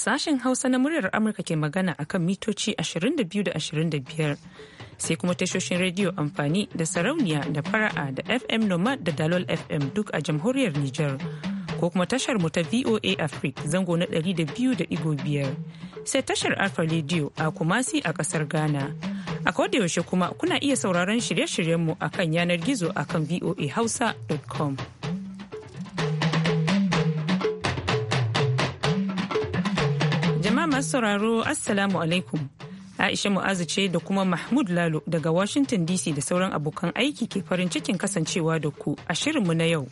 Sashen Hausa na muryar Amurka ke magana akan mitoci 22 da 25 sai kuma tashoshin rediyo amfani da sarauniya da fara'a da FM Nomad da Dalol FM duk a jamhuriyar Nijar. Ko kuma tashar mu ta VOA Africa zango na 200.5 sai tashar Alfa Radio a Kumasi a kasar Ghana. A yaushe kuma kuna iya sauraron shirye-shiryenmu akan yanar gizo akan voahausa.com. masu sauraro assalamu alaikum aisha mu'azu ce da kuma mahmud lalo daga washington dc da sauran abokan aiki ke farin cikin kasancewa da ku a shirinmu na yau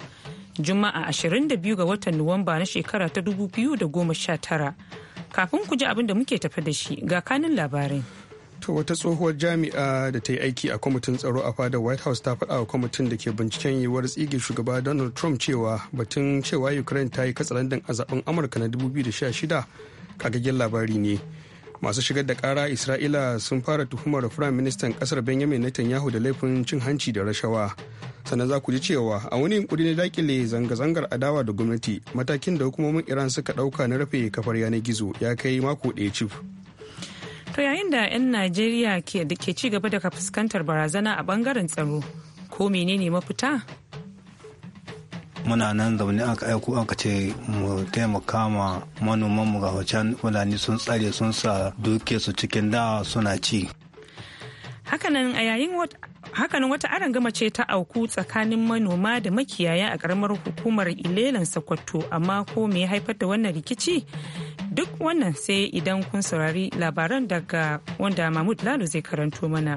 juma'a 22 ga watan nuwamba na shekara ta 2019 kafin ku ji abin da muke tafi da shi ga kanin labarai To wata tsohuwar jami'a da ta yi aiki a kwamitin tsaro a fadar White House ta faɗa wa kwamitin da ke binciken yiwuwar tsige shugaba Donald Trump cewa batun cewa Ukraine ta yi katsalandan a zaben Amurka na 2016 kagagen labari ne masu shigar da kara isra'ila sun fara tuhumar firayim ministan kasar benjamin netanyahu da laifin cin hanci da rashawa sannan za ku ji cewa a wani yunkuri na dakile zanga-zangar adawa da gwamnati matakin da hukumomin iran suka dauka na rufe kafar yanar gizo ya kai mako ɗaya cif to yayin da 'yan najeriya ke ci gaba da fuskantar barazana a bangaren tsaro ko menene mafita muna nan zaune aka aiko aka ce mu taimaka ma manoman mu ga wacan fulani sun tsare sun sa duke su cikin da suna ci hakanan a yayin hakanan wata ce ta auku tsakanin manoma da makiyaya a karamar hukumar ilelan sokoto amma ko me haifar da wannan rikici duk wannan sai idan kun saurari labaran daga wanda mahmud lalo zai karanto mana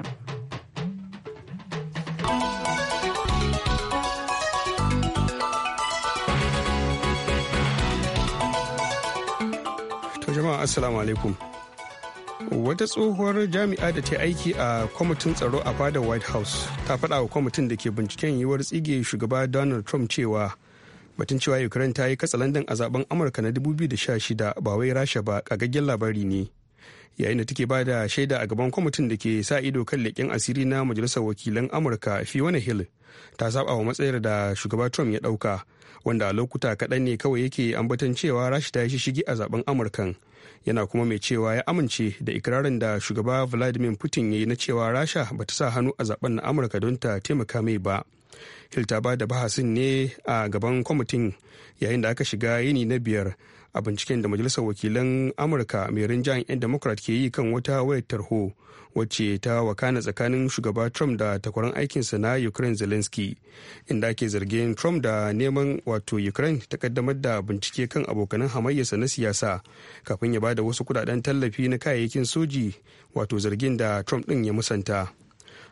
assalamu alaikum wata tsohuwar jami'a da ta aiki a kwamitin tsaro a fada white house ta faɗa wa kwamitin da ke binciken yiwuwar tsige shugaba donald trump cewa batun cewa ukraine ta yi katsalandan a zaben amurka na 2016 ba wai rasha ba kagaggen labari ne yayin da take bada shaida a gaban kwamitin da ke sa ido kan leƙen asiri na majalisar wakilan amurka fiona hill ta saba wa matsayar da shugaba trump ya ɗauka wanda a lokuta kaɗan ne kawai yake ambatan cewa rasha ta yi shigi a zaben amurkan yana kuma mai cewa ya amince da ikirarin da shugaba vladimir putin ya yi na cewa rasha ba ta sa hannu a zaben na amurka don ta taimaka mai ba hilta ba da bahasin ne a gaban kwamitin yayin da aka shiga yini na biyar a binciken da majalisar wakilan amurka mai rinjayen 'yan democrat ke yi kan wata wayar tarho wacce ta wakana tsakanin shugaba trump da takwaran aikinsa na ukraine zelensky inda ake zargin trump da neman wato ukraine ta kaddamar da bincike kan abokanan hamayyarsa na siyasa kafin ya bada wasu kudaden tallafi na kayayyakin soji wato zargin da trump din ya musanta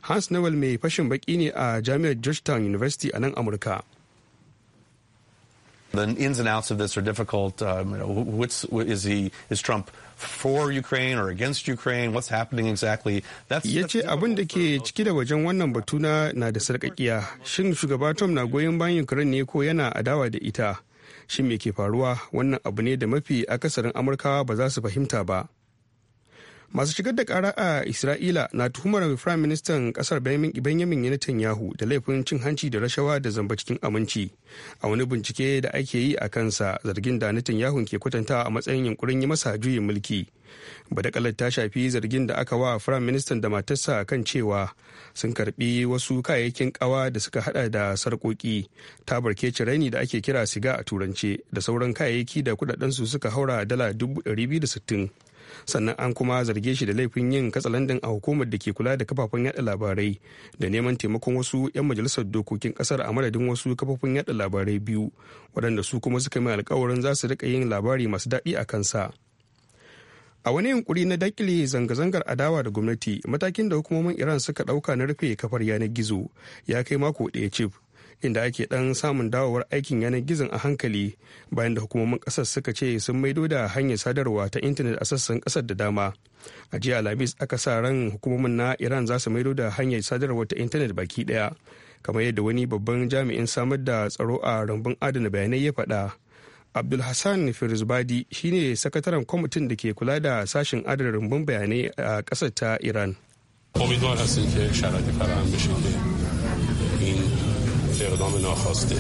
hans newell mai fashin baki ne a jami'ar georgetown university a nan amurka The ins and outs of this are difficult. Um, you know, what's is he is Trump for Ukraine or against Ukraine? What's happening exactly? That's ya ce abin da ke ciki da wajen wannan batu na na da sarkakiya. Shin shugaba Trump na goyon bayan Ukraine ne ko yana adawa da ita? Shin me ke faruwa? Wannan abu ne da mafi akasarin Amurkawa ba za su fahimta ba. masu shigar da kara a isra'ila na tuhumar firayim ministan kasar benjamin netanyahu da laifin cin hanci da rashawa da zamba cikin aminci a wani bincike da ake yi a kansa zargin da netanyahu ke kwatanta a matsayin yunkurin yi masa juyin mulki badakalar ta shafi zargin da aka wa firayim ministan da matarsa kan cewa sun karbi wasu kayayyakin kawa da suka hada da sarkoki tabar keci raini da ake kira siga a turance da sauran kayayyaki da kudaden su suka haura dala 260 sannan an kuma zarge shi da laifin yin katsalandin a hukumar da ke kula da kafafen yada labarai da neman taimakon wasu 'yan majalisar dokokin kasar a madadin wasu kafafen yada labarai biyu waɗanda su kuma suka mai alkawarin za su rika yin labari masu daɗi a kansa a wani yunkuri na dakile zanga-zangar adawa da gwamnati matakin da hukumomin iran suka ɗauka na rufe kafar yanar gizo ya kai mako ɗaya cif inda ake dan samun dawowar aikin yanar gizon a hankali bayan da hukumomin kasar suka ce sun maido da hanyar sadarwa ta intanet a sassan kasar da dama a jiya alhamis aka sa ran hukumomin na iran za su maido da hanyar sadarwa ta intanet baki daya kamar yadda wani babban jami'in samar da tsaro a rambun adana bayanai ya faɗa abdulhassan firzbadi shine sakataren kwamitin da ke kula da sashin adana rumbun bayanai a ƙasar ta iran اقدام ناخواسته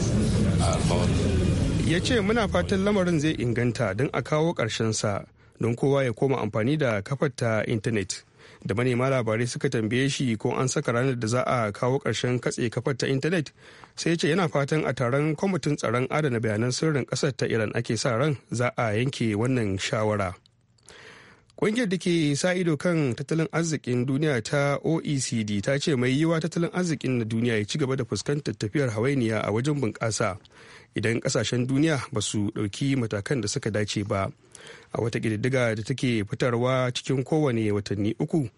uh, ya ce muna fatan lamarin zai inganta don a kawo sa don kowa ya koma amfani da kafar ta intanet da manema labarai suka tambaye shi ko an saka ranar da za a kawo ƙarshen katse kafar ta intanet sai ce yana fatan a taron kwamitin tsaron adana bayanan sirrin ƙasar ta iran ake sa ran za a yanke wannan shawara. Ƙungiyar da ke sa ido kan tattalin arzikin duniya ta OECD ta ce mai yiwa tattalin arzikin na duniya ya ci gaba da fuskantar tafiyar hawainiya a wajen bunƙasa idan ƙasashen duniya ba su ɗauki matakan da suka dace ba. A wata ƙididdiga da take fitarwa cikin kowane watanni uku,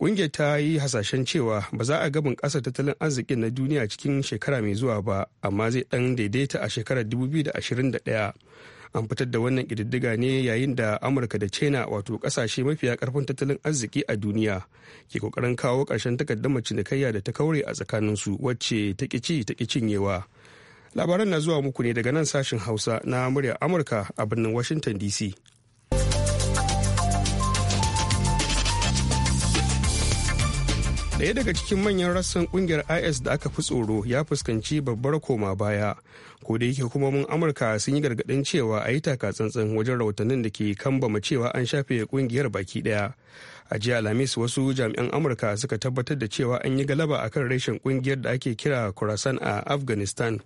ƙungiyar ta yi hasashen cewa ba za a ga bunƙasar tattalin arzikin na duniya cikin shekara mai zuwa ba, amma zai ɗan daidaita a shekarar 2021. an fitar da wannan kididdiga ne yayin da amurka da china wato ƙasashe mafiya karfin tattalin arziki a duniya ke ƙoƙarin kawo ƙarshen takaddamar cinikayya da ta kaure a tsakaninsu wacce ta ƙici ta cinyewa labaran na zuwa muku ne daga nan sashen hausa na muryar amurka a birnin washington dc Daya daga cikin manyan rassan kungiyar IS da aka fi tsoro ya fuskanci babbar koma baya, ko da yake hukumomin Amurka sun yi gargaɗin cewa a yi taka tsantsan wajen rahotannin da ke kambama cewa an shafe kungiyar baki ɗaya. A jiya Alhamis wasu jami'an Amurka suka tabbatar da cewa an yi galaba akan reshen kungiyar da ake kira Khorasan a Afghanistan.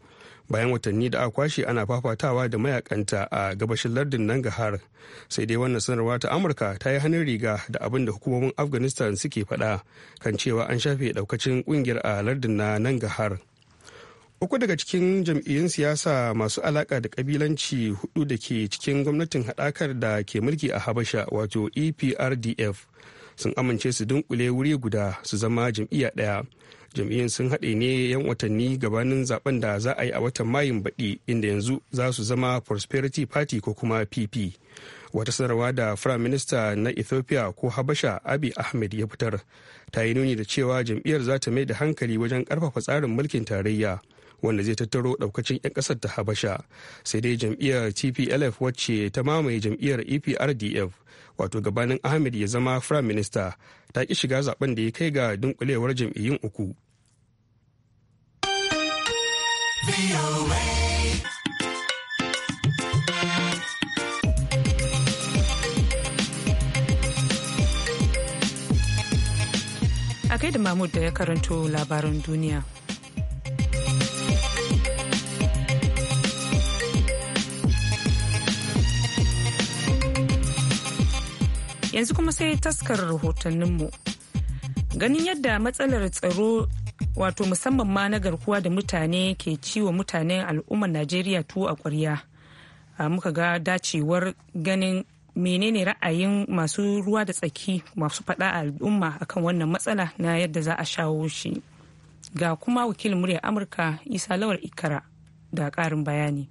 bayan watanni da aka kwashe ana fafatawa da mayakanta a gabashin lardin nangahar sai dai wannan sanarwa ta amurka ta yi hannun riga da abin da hukumomin afghanistan suke faɗa kan cewa an shafe daukacin kungiyar a lardin na nangahar uku daga cikin jam'iyyun siyasa masu alaka da kabilanci hudu da ke cikin gwamnatin haɗakar da ke mulki a habasha wato eprdf sun amince su dunkule wuri guda su zama jam'iyya ɗaya jam'iyyun sun haɗe ne yan watanni gabanin zaben da za a yi a watan mayun baɗi inda yanzu za su zama prosperity party ko kuma pp wata sanarwa da prime minister na ethiopia ko habasha abi ahmed ya fitar ta yi nuni da cewa jam'iyyar za ta mai da hankali wajen ƙarfafa tsarin mulkin tarayya wanda zai tattaro daukacin 'yan kasar ta habasha sai dai jam'iyyar tplf wacce ta mamaye jam'iyyar eprdf wato gabanin ahmed ya zama firayim minista ta ƙi shiga zaben da ya kai ga dunkulewar jam'iyyun uku a kai da mahmud da ya karanto labaran duniya yanzu kuma sai taskar rahotanninmu ganin yadda matsalar tsaro wato musamman ma na garkuwa da mutane ke ciwo mutanen al'ummar najeriya tuwo a kwarya muka ga dacewar ganin menene ra'ayin masu ruwa da tsaki masu faɗa a al'umma akan wannan matsala na yadda za a shawo shi ga kuma wakilin murya amurka isa lawar ikara da ƙarin bayani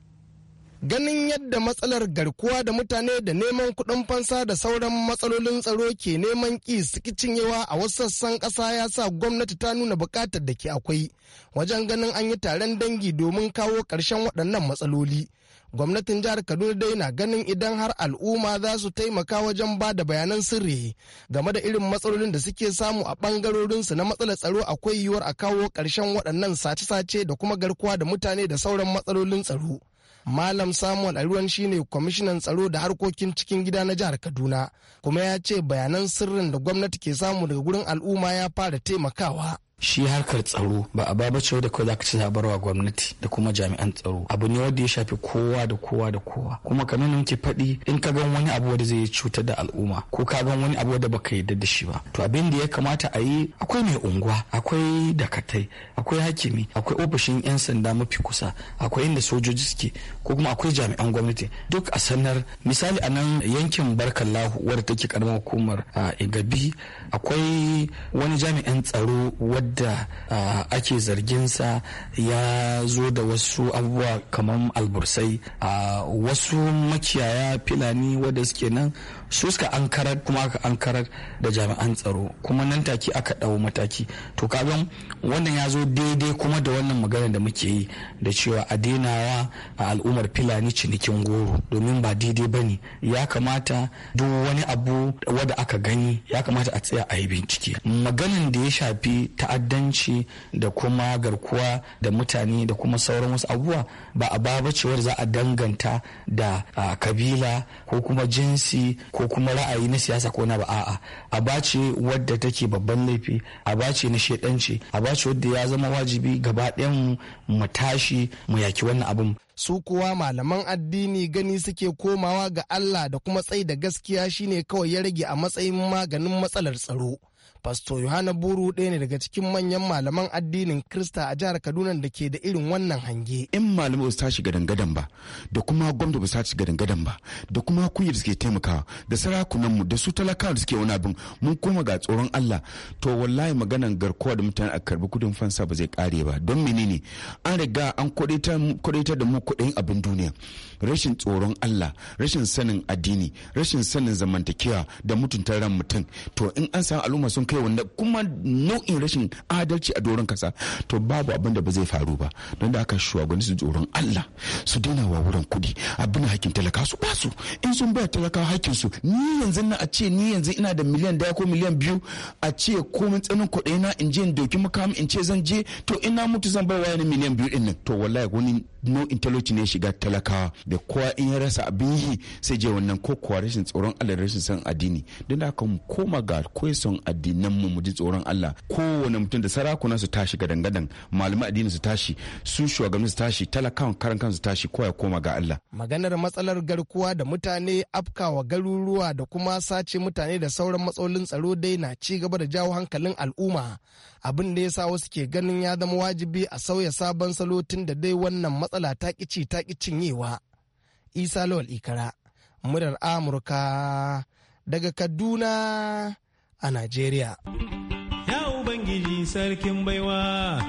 ganin yadda matsalar garkuwa da mutane da neman kuɗin fansa da sauran matsalolin tsaro ke neman ƙi suki cinyewa a wasu sassan ƙasa ya sa gwamnati ta nuna buƙatar da ke akwai wajen ganin an yi taron dangi domin kawo ƙarshen waɗannan matsaloli gwamnatin jihar kaduna dai na ganin idan har al'umma za su taimaka wajen ba da bayanan sirri game da irin matsalolin da suke samu a ɓangarorinsu na matsalar tsaro akwai yiwuwar a kawo ƙarshen waɗannan sace-sace da kuma garkuwa da mutane da sauran matsalolin tsaro Malam Samuel Aruwan shine kwamishinan tsaro da harkokin cikin gida na jihar Kaduna kuma ya ce bayanan sirrin da gwamnati ke samu daga gurin al'umma ya fara taimakawa. shi harkar tsaro ba a baba ce da kawai ka ci zabarwa gwamnati da kuma jami'an tsaro abu ne wanda ya shafi kowa da kowa da kowa kuma ka nan ke faɗi in ka gan wani abu wanda zai yi cutar da al'umma ko ka gan wani abu wanda baka yarda da shi ba to abin da ya kamata a yi akwai mai unguwa akwai dakatai akwai hakimi akwai ofishin yan sanda mafi kusa akwai inda sojoji suke ko kuma akwai jami'an gwamnati duk a sanar misali a nan yankin lahu wadda take karamar hukumar igabi akwai wani jami'an tsaro wadda yadda ake sa ya zo da wasu abubuwa kamar albursai wasu makiyaya filani wadda suke nan su suka ankarar kuma aka ankarar da jami'an tsaro kuma nan take aka ɗau mataki to kagan wannan ya zo daidai kuma da wannan magana da muke yi da cewa a dainawa a al'ummar fulani cinikin goro domin ba daidai ba ne ya kamata duk wani abu wanda aka gani ya kamata a tsaya a yi bincike maganin da ya shafi ta'addanci da kuma garkuwa da mutane da kuma sauran wasu abubuwa ba a babu cewar za a danganta da kabila ko kuma jinsi ko ko kuma ra'ayi na siyasa ko na ba a'a ce wadda take babban laifi a ce na shedanci a ce wadda ya zama wajibi gaba ɗayan mu tashi mu yaki wannan abin su kuwa malaman addini gani suke komawa ga Allah da kuma tsai da gaskiya shine kawai ya rage a matsayin maganin matsalar tsaro Pasto Yohana Buru ɗaya ne daga cikin manyan malaman addinin Krista a jihar Kaduna da ke da irin wannan hange. in malamai ba su tashi gadan ba, da kuma gwamnati ba su tashi gadan ba, da kuma kuyi da suke taimakawa, da sarakunan mu da su talakawa da suke wani abin mun koma ga tsoron Allah. To wallahi maganan garkuwa da mutane a karbi kudin fansa ba zai kare ba. Don menene? An riga an kwadaitar da mu kuɗin abin duniya. Rashin tsoron Allah, rashin sanin addini, rashin sanin zamantakewa da mutunta ran mutum. To in an samu al'umma sun kai wanda kuma nau'in rashin adalci a doron kasa to babu abin da ba zai faru ba don da aka shugabanni su tsoron Allah su daina wa wurin kudi abin hakkin talaka su ba su in sun ba talaka hakkin su ni yanzu na a ce ni yanzu ina da miliyan daya ko miliyan biyu a ce komin tsanin kuɗi na in je in doki makami in ce zan je to ina mutu zan ba wani miliyan biyu din nan to wallahi wani no talauci ne shiga talakawa da kowa in ya rasa abin yi sai je wannan ko kuwa rashin tsoron Allah rashin san addini don da haka mu koma ga kwaison addinan mu tsoron Allah kowane mutum da sarakuna su tashi ga dangadan malamai addini su tashi su shugabanni su tashi talakawan karan kansu tashi kowa ya koma ga Allah maganar matsalar garkuwa da mutane afkawa garuruwa da kuma sace mutane da sauran matsalolin tsaro dai na ci gaba da jawo hankalin al'umma abin da ya sa wasu ke ganin ya zama wajibi a sauya sabon salo tun da dai wannan matsala ta ƙici ta cinyewa. Isa Lawal Ikara, murar Amurka daga Kaduna a Najeriya. Ya Ubangiji sarkin baiwa,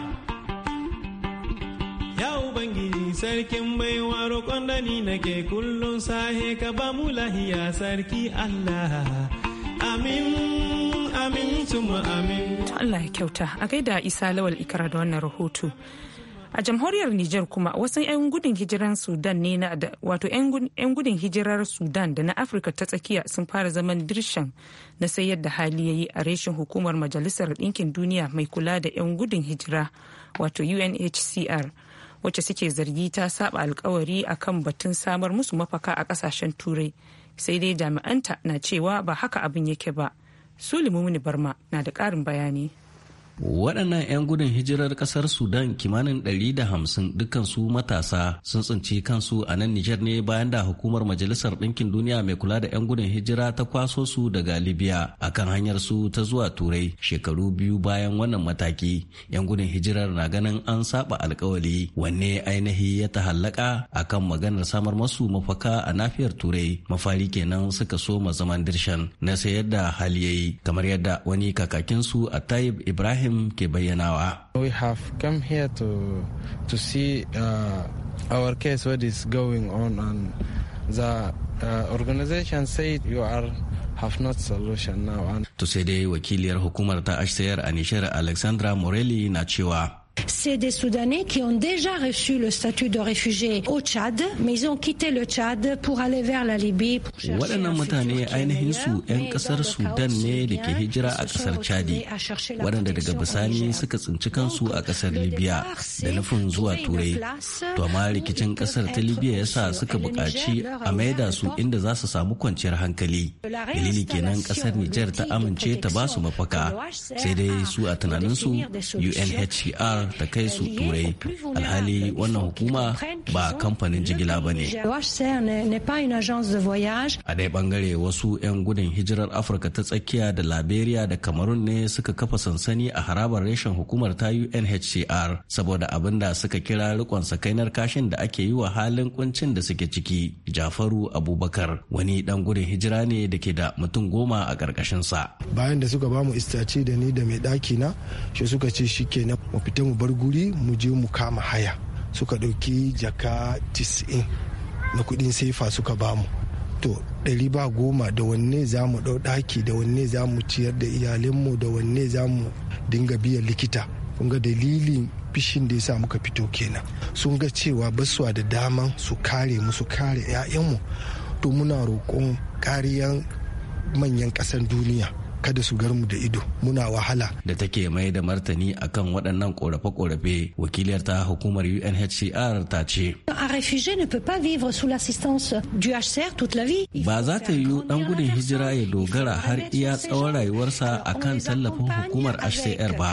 ya Ubangiji sarkin baiwa roƙon da ni nake kullum sahe ka ba mu lahiya sarki Allah. Amin, amin, tuma amin. Allah ya kyauta, a gaida Isa Lawal Ikara da wannan rahoto. a jamhuriyar niger kuma wasu 'yan gudun hijirar sudan ne na da wato 'yan gudun hijirar sudan da na afirka ta tsakiya sun fara zaman dirshan na sai yadda hali ya yi a reshen hukumar majalisar ɗinkin duniya mai kula da 'yan gudun hijira wato unhcr wacce suke zargi ta saba alkawari akan batun samar musu mafaka a kasashen turai sai dai jami'anta na cewa ba haka abin yake ba sulimu barma na da ƙarin bayani waɗannan 'yan gudun hijirar ƙasar sudan kimanin 150 dukansu matasa sun tsinci kansu a nan nijar ne bayan da hukumar majalisar ɗinkin duniya mai kula da 'yan gudun hijira ta kwaso su daga libya akan hanyar su ta zuwa turai shekaru biyu bayan wannan mataki 'yan gudun hijirar na ganin an saba alkawali wanne ainihi ya tahallaka akan maganar samar masu mafaka a nafiyar turai mafari kenan suka soma zaman dirshan na sayar da hali yayi kamar yadda wani kakakinsu a taib ibrahim Ibrahim ke bayyanawa. We have come here to, to see uh, our case what is going on and the uh, organization said you are have not solution now. To sai dai wakiliyar hukumar ta Ashtayar a Nishar Alexandra Morelli na cewa c'est des Soudanais qui ont déjà reçu le statut de réfugié au Tchad, mais ils ont quitté le Tchad pour aller vers la Libye Waɗannan mutane ainihin su 'yan ƙasar Sudan ne da ke hijira a ƙasar Chadi, waɗanda daga bisani suka tsinci kansu a ƙasar Libya da nufin zuwa Turai. To amma rikicin ƙasar ta Libya ya sa suka buƙaci a maida su inda za su samu kwanciyar hankali. Dalili kenan ƙasar Nijar ta amince ta ba su mafaka, sai dai su a tunaninsu UNHCR ta kai su turai alhali wannan hukuma ba kamfanin jigila ba ne a dai bangare wasu 'yan gudun hijirar afirka ta tsakiya da liberia da cameroon ne suka kafa sansani a harabar reshen hukumar ta unhcr saboda abin da suka kira rikon sakainar kashin da ake yi wa halin kuncin da suke ciki jafaru abubakar wani dan gudun hijira ne da ke da mutum goma a karkashinsa. bayan da suka bamu istaci da ni da mai ɗaki na shi suka ce shi kenan bar guri mu je mu kama haya suka ɗauki jaka 90 na kuɗin sefa suka bamu to ɗari ba goma da wanne za mu ɗau ɗaki da wanne za mu ciyar da iyalinmu da wanne za mu dinga biyan likita kun ga dalilin fishin da ya sa muka fito kenan sun ga cewa basuwa da dama su kare mu su kare 'ya'yanmu to muna roƙon kariyan manyan ƙasan duniya kada su garmu da ido muna wahala da take mai da martani akan waɗannan ƙorafe korafe wakiliyar ta hukumar UNHCR ta ce ne peut pas vivre ba za ta yiwu ɗan gudun hijira ya dogara har iya tsawon rayuwarsa akan tallafin hukumar HCR ba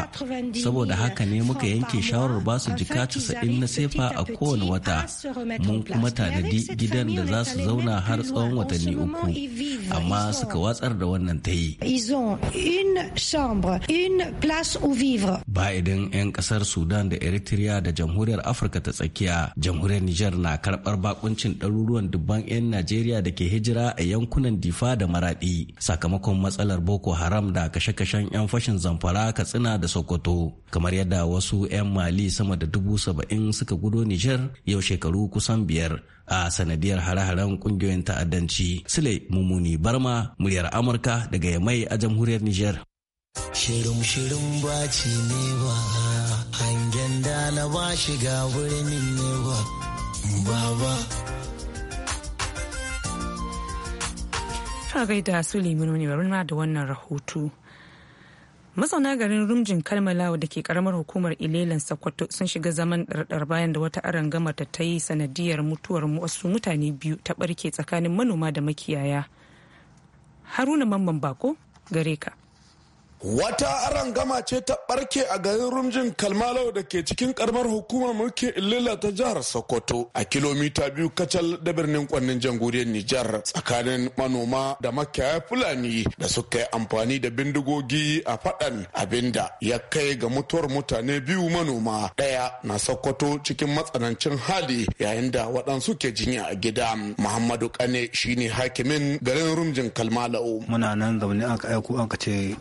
saboda haka ne muka yanke shawarar ba su jika casa'in na sefa a kowane wata mun kuma tanadi gidan da za su zauna har tsawon watanni uku amma suka watsar da wannan ta yi maison, une chambre, une place où vivre. Ba idan 'yan kasar Sudan da Eritrea da Jamhuriyar Afirka ta tsakiya, Jamhuriyar Nijar na karbar bakuncin ɗaruruwan dubban 'yan Najeriya da ke hijira a yankunan Difa da Maradi sakamakon matsalar Boko Haram da kashe-kashen 'yan fashin zamfara Katsina da Sokoto. Kamar yadda wasu 'yan Mali sama da dubu saba'in suka gudo niger yau shekaru kusan biyar a sanadiyar hare-haren kungiyoyin ta'addanci sule mummuni barma muryar amurka daga yamai a jamhuriyar niger shirin shirin baci ne ba hangen da na ba shiga birnin ne ba ba ta gaida su limonu wani barna da wannan rahoto mazauna garin rumjin kalmalawa da ke karamar hukumar ilelan sokoto sun shiga zaman ɗarɗar bayan da wata arangama ta ta yi sanadiyar mutuwar wasu mutane biyu ta ɓarke tsakanin manoma da makiyaya haruna mamman bako gare ka wata arangama ce ta barke a garin rumjin kalmalau da ke cikin karamar hukumar mulki illila ta jihar sokoto a kilomita biyu kacal da birnin kwannin jamhuriyar nijar tsakanin manoma da makiyaya fulani da suka yi amfani da bindigogi a faɗan abinda ya kai ga mutuwar mutane biyu manoma ɗaya na sokoto cikin matsanancin hali yayin da waɗansu ke jinya a gida muhammadu kane shine hakimin garin rumjin kalmalau muna nan zaune aka aiko aka ce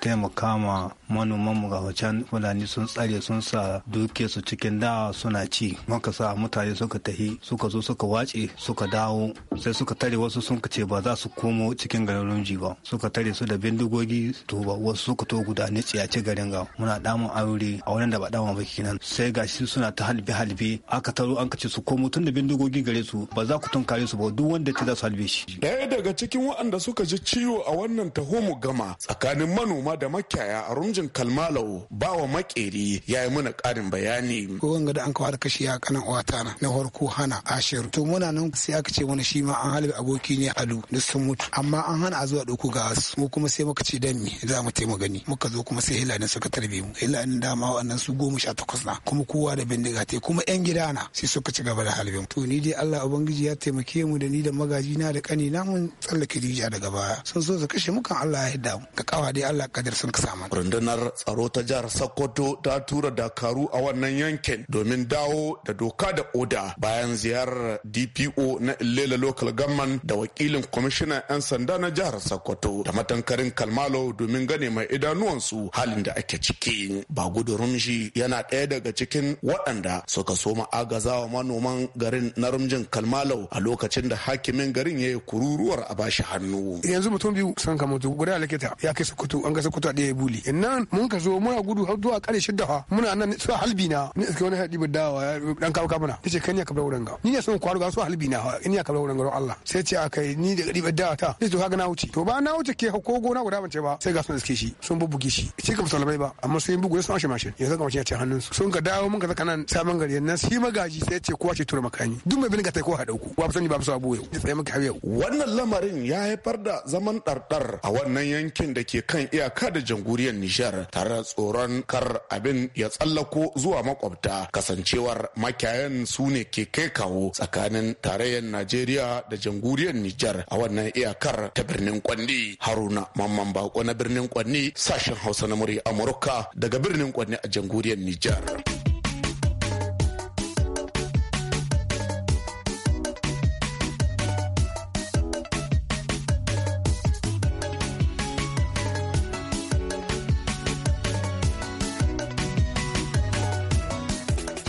taimaka ma manomanmu ga wacan fulani sun tsare sun sa duke su cikin da suna ci muka sa mutane suka tahi suka zo suka wace suka dawo sai suka tare wasu sun ce ba za su komo cikin garin rumji ba suka tare su da bindigogi to ba wasu suka to guda ne tsiyace garin ga muna damun aure a wurin da ba dama ba kenan sai gashi suna ta halbe halbe aka taro an kace su komo tun da bindigogi gare su ba za ku tunkare su ba duk wanda ce za su halbe shi daya daga cikin waɗanda suka ji ciwo a wannan taho mu gama tsakanin manoma Kuma da makiyaya a rumjin kalmalau wa makeri ya yi mana karin bayani. gogon ga da an kawar kashi ya kanan uwata na na farko hana ashir. To muna nan sai aka ce wani shi ma an halibi aboki ne alu da sun mutu amma an hana a zuwa ɗauko ga wasu. mu kuma sai muka ce dan me za mu taimu gani muka zo kuma sai hilanin suka tarbe mu hilanin dama wannan su goma sha takwas na kuma kowa da bindiga te kuma yan gida na sai suka ci gaba da halbe To ni dai Allah ubangiji ya taimake mu da ni da magaji na da kani na mun tsallake rijiya daga baya sun so su kashe mukan Allah ya yarda mu ka kawa dai Allah kadar sun samu. Rundunar tsaro ta jihar Sokoto ta tura dakaru a wannan yankin domin dawo da doka da oda bayan ziyarar DPO na Ilela Local Government da wakilin kwamishinan 'yan sanda na jihar Sokoto da matankarin Kalmalo domin gane mai idanuwansu halin da ake ciki. Ba gudu rumshi yana ɗaya daga cikin waɗanda suka soma agazawa manoman garin na rumjin Kalmalo a lokacin da hakimin garin ya yi kururuwar a bashi hannu. Yanzu mutum biyu sun kama guda likita ya kai Sokoto an ga sokoto a ɗaya buli nan mun ka zo muna gudu har zuwa kare shidda fa muna nan su halbi na ni iske wani haɗi dawa dan kawo kamuna ta ce kanya kabar wurin ga ni ne son kwaro ga su halbi na fa in ya kabla wurin ga Allah sai ce aka yi ni da ba dawa ta ni to kaga na wuce to ba na wuce ke ko gona guda ban ce ba sai ga sun iske shi sun bubbuge shi shi kam salamai ba amma sai bugu sun ashe mashin yanzu ga mashin ya ce hannun su sun ka dawo mun ka zaka nan saman gari nan shi magaji sai ce kowa ce tura makani duk mai bin ka tai ko ha dauku ba sani ba su abu yau tsaye maka hawaye wannan lamarin ya haifar da zaman dardar a wannan yankin da ke kan iya iyaka da jamhuriyar Nijar tare da tsoron kar abin ya tsallako zuwa makwabta kasancewar makiyayan su ne ke kai kawo tsakanin tarayyar Najeriya da jamhuriyar Nijar a wannan iyakar ta birnin Kwanni. Haruna Mamman Bako na birnin Kwanni sashen Hausa na murya Amurka daga birnin Kwanni a jamhuriyar Nijar.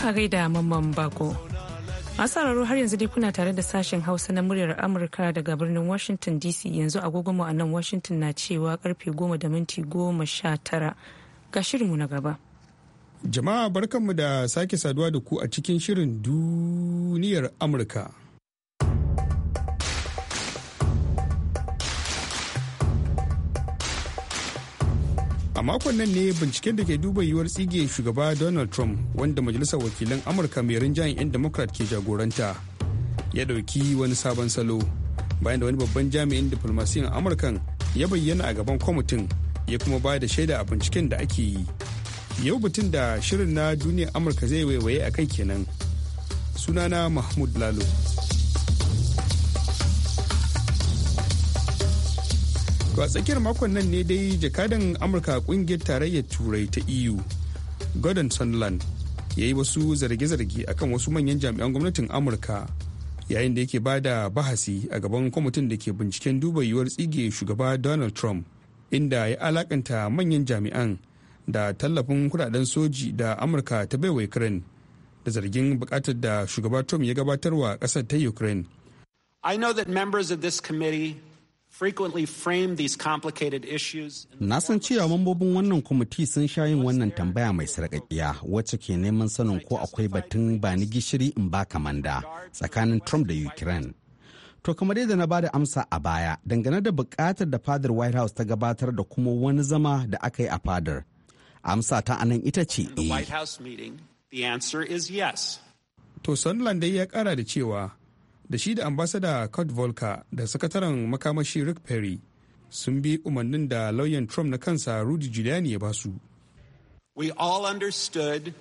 a gaida mamman bako. sauraro har yanzu dai kuna tare da sashen hausa na muryar amurka daga birnin washington dc yanzu agogonmu a nan washington na cewa karfe goma da minti goma sha tara ga shirinmu na gaba jama'a barkanmu da sake saduwa da ku a cikin shirin duniyar amurka makon nan ne binciken da ke duba yiwuwar tsige shugaba donald trump wanda majalisar wakilan amurka mai rinjayen 'yan democrat ke jagoranta ya dauki wani sabon salo bayan da wani babban jami'in diflomasiyan amurkan ya bayyana a gaban kwamitin ya kuma ba da shaida a binciken da ake yi yau batun da shirin na duniyar amurka zai waiwaye a kai kenan sunana mahmud lalo To a tsakiyar makon nan ne dai jakadan Amurka kungiyar tarayyar Turai ta EU, Gordon Sunderland, ya yi wasu zarge-zarge a kan wasu manyan jami'an gwamnatin Amurka yayin da yake ba da bahasi a gaban kwamitin da ke binciken duba yiwuwar tsige shugaba Donald Trump, inda ya alakanta manyan jami'an da tallafin kudaden soji da Amurka ta baiwa Ukraine da zargin bukatar da shugaba Trump ya gabatarwa ƙasar ta Ukraine. I know that members of this committee Na san cewa mambobin wannan kwamiti sun sha yin wannan tambaya mai sarƙaƙiya wacce ke neman sanin ko akwai batun ba ni gishiri in ba kamanda tsakanin Trump da Ukraine. To kamar yadda na bada amsa a baya dangane da buƙatar da fadar White House ta gabatar da kuma wani zama da aka yi a fadar. Amsa ta anan ita ce eh. To Sunderland ya kara da cewa da shi da ambasada Kurt Volker da sakataren makamashi Rick Perry sun bi umarnin da lauyan Trump na kansa Rudy Giuliani ya basu. We all understood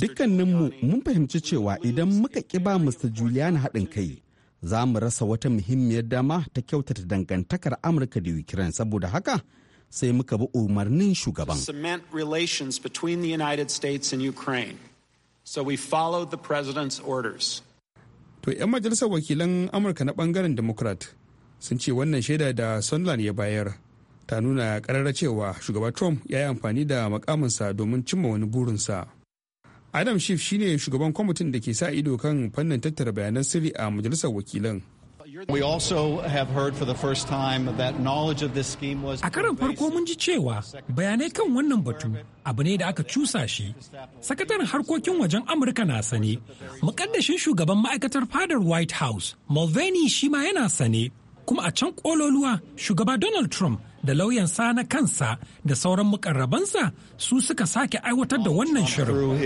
Dukkaninmu mun fahimci cewa idan muka ƙi ba Mr. Giuliani haɗin kai, za mu rasa wata muhimmiyar dama ta kyautata dangantakar Amurka da Ukraine saboda haka sai muka bi umarnin shugaban. So we followed the president's orders. To 'yan majalisar wakilan Amurka na bangaren Democrat sun ce wannan shaida da Sunland ya bayar ta nuna karara cewa shugaba Trump ya yi amfani da makaminsa domin cimma wani burinsa. Adam Schiff shine shugaban kwamitin da ke sa ido kan fannin tattara bayanan sirri a majalisar wakilan. We also have time that A karan farko mun ji cewa bayanai kan wannan batu abu ne da aka cusa shi. Sakataren harkokin wajen Amurka na sane, mukaddashin shugaban ma'aikatar fadar White House, Mulvaney shi ma yana sane, kuma a can kololuwa shugaba Donald Trump da lauyansa na kansa da sauran mukarrabansa su suka sake aiwatar da wannan shirin.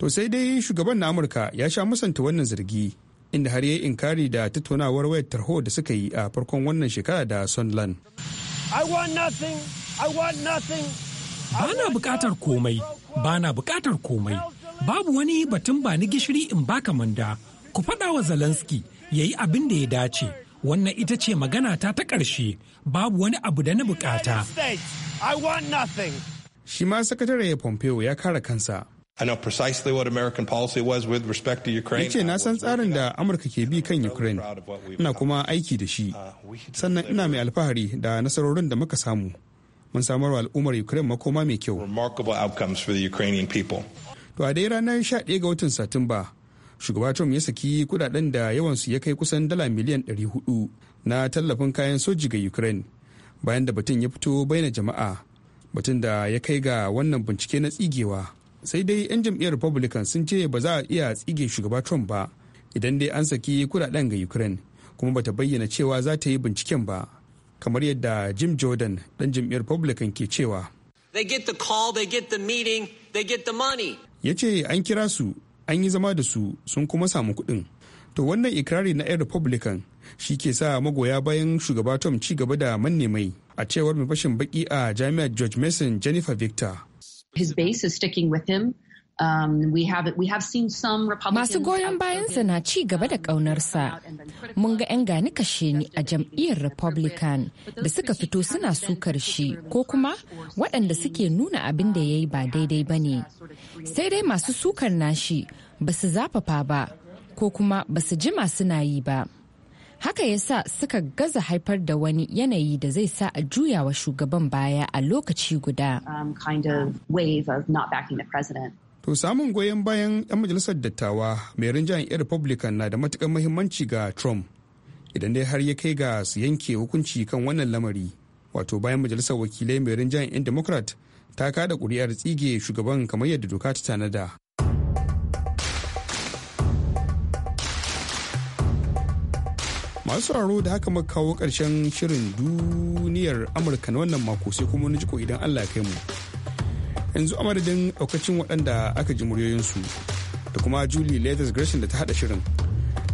To sai dai shugaban na Amurka ya sha musanta wannan zargi inda har ya yi inkari da tattaunawar wayar tarho da suka yi a farkon wannan shekara da Sunland. I want nothing, I want nothing. Bana bukatar komai, bana bukatar komai. Babu wani batun ba ni gishiri in baka manda. Ku faɗa wa Zelensky ya yi abin da ya dace. Wannan ita ce magana ta ta ƙarshe, babu wani abu da na bukata. Shi ma sakatare Pompeo ya kare kansa. I know precisely what American policy was with respect to Ukraine. Yace na san tsarin da Amurka ke bi kan Ukraine. Ina kuma aiki da shi. Uh, Sannan ina mai alfahari da nasarorin da muka samu. Mun samar wa al'ummar Ukraine makoma mai kyau. Remarkable outcomes for the Ukrainian people. To a dai ranar 11 ga watan Satumba, shugaba Trump ya saki kudaden da yawansu ya kai kusan dala miliyan 400 na tallafin kayan soji ga Ukraine. Bayan da batun ya fito bayyana jama'a, batun da ya kai ga wannan bincike na tsigewa. sai dai 'yan jam'iyyar republican sun ce ba za a iya tsige shugaba trump ba idan dai an saki kudaden ga ukraine kuma bata bayyana cewa za ta yi binciken ba kamar yadda jim jordan dan jam'iyyar republican ke cewa ya ce an kira su an yi zama da su sun kuma samu kuɗin to wannan ikirari na 'yan republican shi ke sa magoya bayan shugaba tom ci gaba da manne mai a cewar mai fashin baki a jami'ar george mason jennifer victor His base is sticking with him. Um, masu goyon bayansa na ci gaba da um, ƙaunarsa. Mun ga 'yan gani kashe ni a jam'iyyar Republican da suka fito suna sukar shi ko kuma waɗanda suke nuna abin da ya yi ba um, daidai ba ne. Sai dai masu sukar nashi ba su zafafa ba ko kuma ba su jima suna yi ba. haka ya sa suka gaza haifar da wani yanayi da zai sa a juya wa shugaban baya a lokaci guda. Um, to samun goyon bayan 'yan majalisar dattawa mai rinjayen 'yan Republican na da matukar muhimmanci ga Trump idan dai har ya kai ga su yanke hukunci kan wannan lamari. Wato bayan majalisar wakilai mai rinjayen 'yan Democrat ta kada kuri'ar tsige shugaban kamar yadda doka ta tanada. masu sauraro da haka muka kawo ƙarshen shirin duniyar amurka na wannan mako sai kuma wani jiko idan allah kai mu yanzu a madadin ɗaukacin waɗanda aka ji muryoyinsu da kuma julie latest gresham da ta haɗa shirin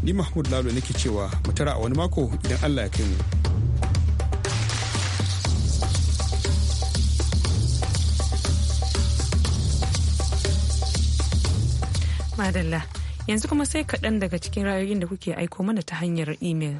ni mahmud lalo nake cewa mu tara a wani mako idan allah ya kai mu madalla Yanzu kuma sai kaɗan daga cikin rayoyin da kuke aiko mana ta hanyar imel.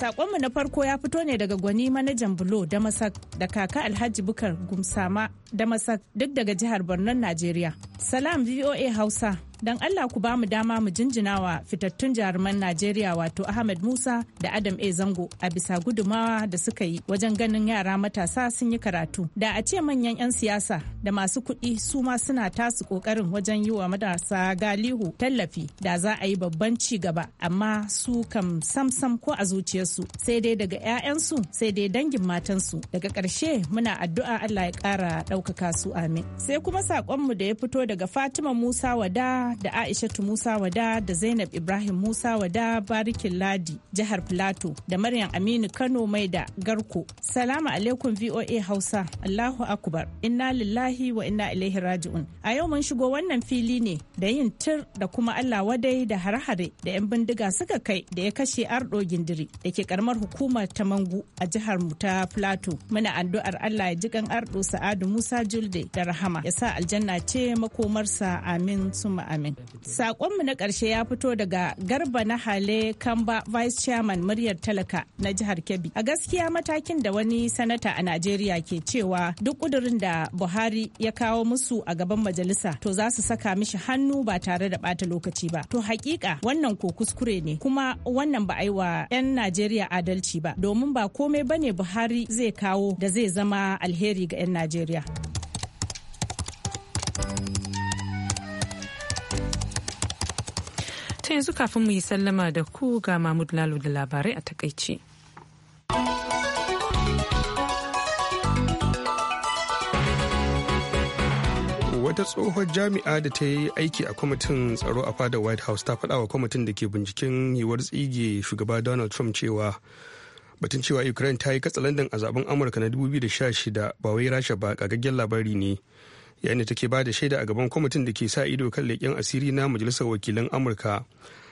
saƙonmu na farko ya fito ne daga gwani manajan bulo da masak da kaka alhaji bukar gumsama da masak duk daga jihar borno najeriya salam voa hausa don Allah ku ba mu dama mu jinjina wa fitattun jaruman Najeriya wato Ahmed Musa da Adam A. Zango a bisa gudumawa da suka yi wajen ganin yara matasa sun yi karatu. Da a ce manyan 'yan siyasa da masu kuɗi su ma suna tasu ƙoƙarin wajen yi wa matasa galihu tallafi da za a yi babban ci gaba amma su kam samsam ko a zuciyarsu sai dai daga 'ya'yansu sai dai dangin matansu daga ƙarshe muna addu'a Allah ya ƙara ɗaukaka su amin. Sai kuma saƙonmu da ya fito daga Fatima Musa Wada da Aishatu Musa Wada da Zainab Ibrahim Musa Wada Barikin Ladi jihar Filato da Maryam Aminu Kano mai da Garko. Salamu alaikum VOA Hausa. Allahu Akbar. Inna lillahi wa inna ilaihi raji'un. A yau mun shigo wannan fili ne da yin tir da kuma Allah wadai da hare-hare da 'yan bindiga suka kai da ya kashe Ardo Gindiri da ke karamar hukumar ta Mangu a jihar mu ta Filato. Muna addu'ar Allah ya ji kan arɗo Sa'adu Musa Julde da rahama ya sa aljanna ce makomarsa amin suma amin. amin. Sakonmu na ƙarshe ya fito daga Garba na Hale Kamba Vice Chairman muryar talaka na jihar Kebbi. A gaskiya matakin da wani sanata a Najeriya ke cewa duk ƙudurin da Buhari ya kawo musu a gaban majalisa to za su saka mishi hannu ba tare da ɓata lokaci ba. To hakika wannan ko kuskure ne kuma wannan ba a yi wa 'yan Najeriya adalci ba domin ba komai bane Buhari zai kawo da zai zama alheri ga 'yan Najeriya. ta yanzu kafin mu yi sallama da ku ga Mahmud Lalo da labarai a takaici. wata tsohon jami'a da ta yi aiki a kwamitin tsaro a fadar white house ta faɗa wa kwamitin da ke binciken yiwuwar tsige shugaba donald trump cewa batun cewa ukraine ta yi katsalandan a zaben amurka na 2016 ba wai rasha ba kagaggen labari ne yayin da take ba da shaida a gaban kwamitin da ke sa ido kan leƙen asiri na majalisar wakilan amurka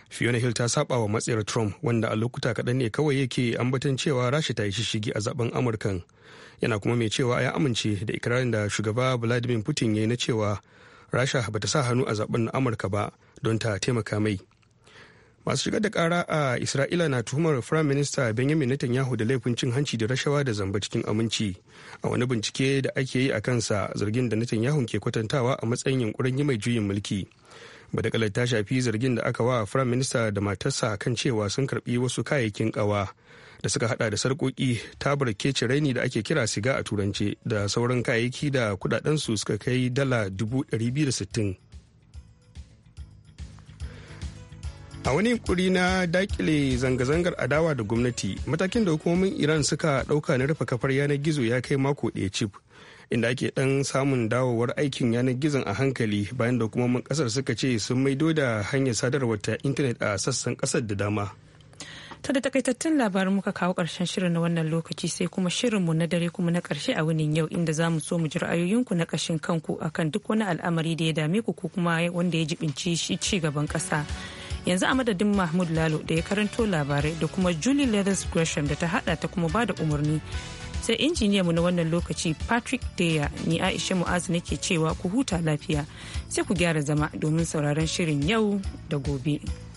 fiona hill ta saba wa matsayar trump wanda a lokuta kaɗan ne kawai yake ambatan cewa rasha ta yi shishigi a zaben amurkan yana kuma mai cewa ya amince da ikirarin da shugaba vladimir putin ya yi na cewa rasha bata sa hannu a zaben amurka ba don ta taimaka mai masu shigar da kara a isra'ila na tuhumar firayim minista benjamin netanyahu da laifin cin hanci da rashawa da zamba cikin aminci a wani bincike da ake yi a kansa zargin da netanyahu ke kwatantawa a matsayin yunkurin yi mai juyin mulki badakalar ta shafi zargin da aka wa firayim minista da matarsa kan cewa sun karbi wasu kayayyakin kawa da suka hada da sarkoki tabar keci raini da ake kira siga a turance da sauran kayayyaki da kudaden su suka kai dala 260 a wani yunkuri na dakile zanga-zangar adawa da gwamnati matakin da hukumomin iran suka dauka na rufe kafar yanar gizo ya kai mako ɗaya cif inda ake dan samun dawowar aikin yanar gizon a hankali bayan da hukumomin kasar suka ce sun maido da hanyar sadarwar ta intanet a sassan kasar da dama ta da takaitattun labarin muka kawo karshen shirin na wannan lokaci sai kuma shirin mu na dare kuma na karshe a wunin yau inda za mu so mu ji ra'ayoyinku na kashin kanku akan duk wani al'amari da ya dame ku ko kuma wanda ya jibinci shi ci gaban kasa yanzu a madadin mahmud lalo da ya karanto labarai da kuma julie leathers gresham da ta hada ta kuma bada umarni sai injiniya mu na wannan lokaci patrick deya ni aisha mu'azu nake cewa ku huta lafiya sai ku gyara zama domin sauraron shirin yau da gobe.